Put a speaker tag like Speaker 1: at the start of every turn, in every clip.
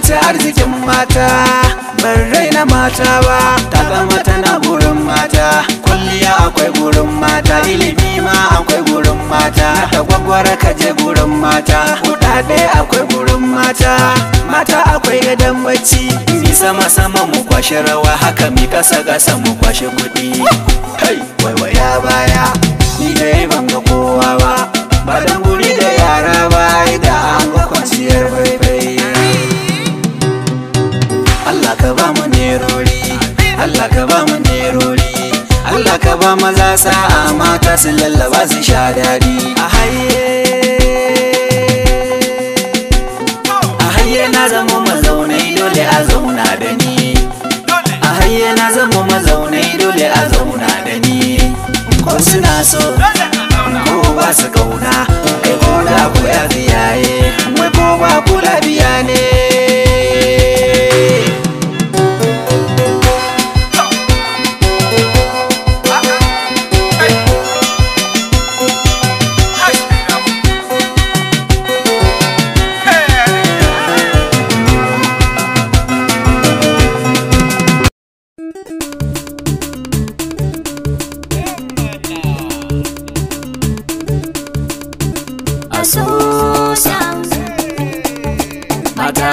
Speaker 1: ta arzikin mata ban raina mata ba ta zama tana gurin mata kulliya akwai gurin mata ilimi ma akwai gurin mata ta gwagwara ka je gurin mata kuɗaɗe akwai gurin mata mata akwai gadon bacci Ni sama sama mu kwashe rawa haka mi kasa kasa mu kwashe kuɗi kai ya baya ni dai ban ga kowa ba ba dan ba maza sa'a mata su lallaba su sha daɗi a haye na zama mazaunai dole a zauna da ni a haye na zama mazaunai dole a zauna da ni ko suna so ko ba su kauna kai ko da ku ziyaye mai ko ba ku lafiya ne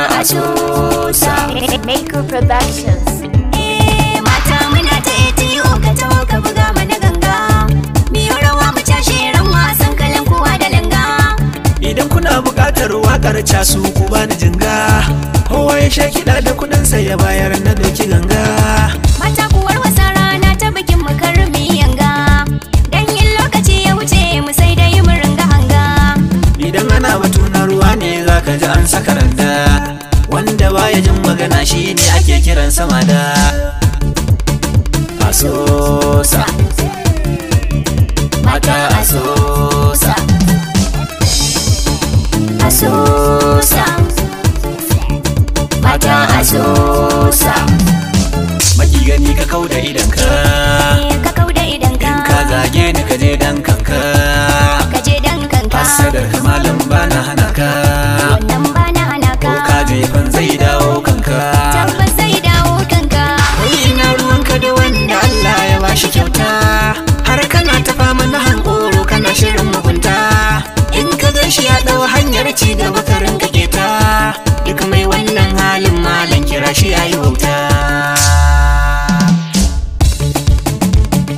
Speaker 2: asusa Meko Productions mata muna ta ATO ka taho ka buga mana ganga Miyo rawa mu cashe ran wasan kalan kowa da langa Idan kuna buƙatar
Speaker 1: waƙar casu ku bani jinga Kowa ya sha kiɗa da kuɗinsa ya bayar na doki ganga ya jin magana shi ne ake kiran sama
Speaker 2: da asosa mata asosa
Speaker 1: hanyar ci gaba ka ringa keta duk mai wannan halin malam kira shi yi wauta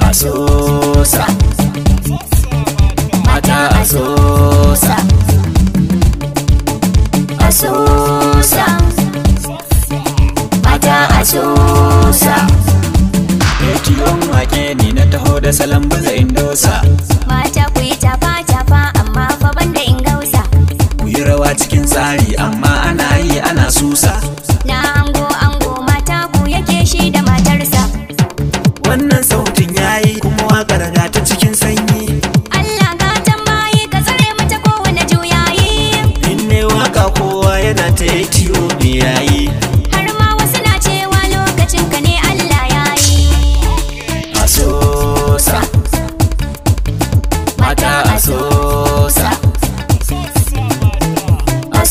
Speaker 2: asosa mata asosa asosa mata asosa
Speaker 1: ya ciwon wake ni na taho da salambu baza indosa mata cikin tsari amma ana yi ana susa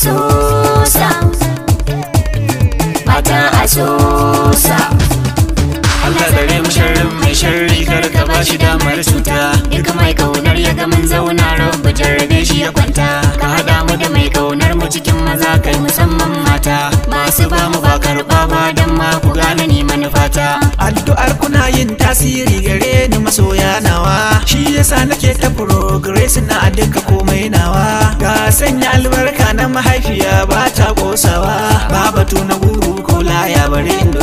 Speaker 2: asusa mata asusa Allah dare mu sharrin mai sharri kar ka ba shi damar cuta duk mai kaunar ya ga mun zauna rabu jarrabe shi ya kwanta ka hada mu da mai kaunar mu cikin maza kai musamman mata masu ba mu ba karba ba dan ma ku gane
Speaker 1: ni manufata addu'ar kuna yin tasiri gare ni masoya nawa shi yasa nake ta progress na duka komai sanya albarka na mahaifiya ba ta kosawa ba batu na guru ko laya bari indo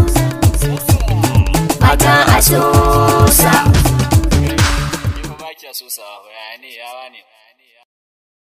Speaker 2: susa.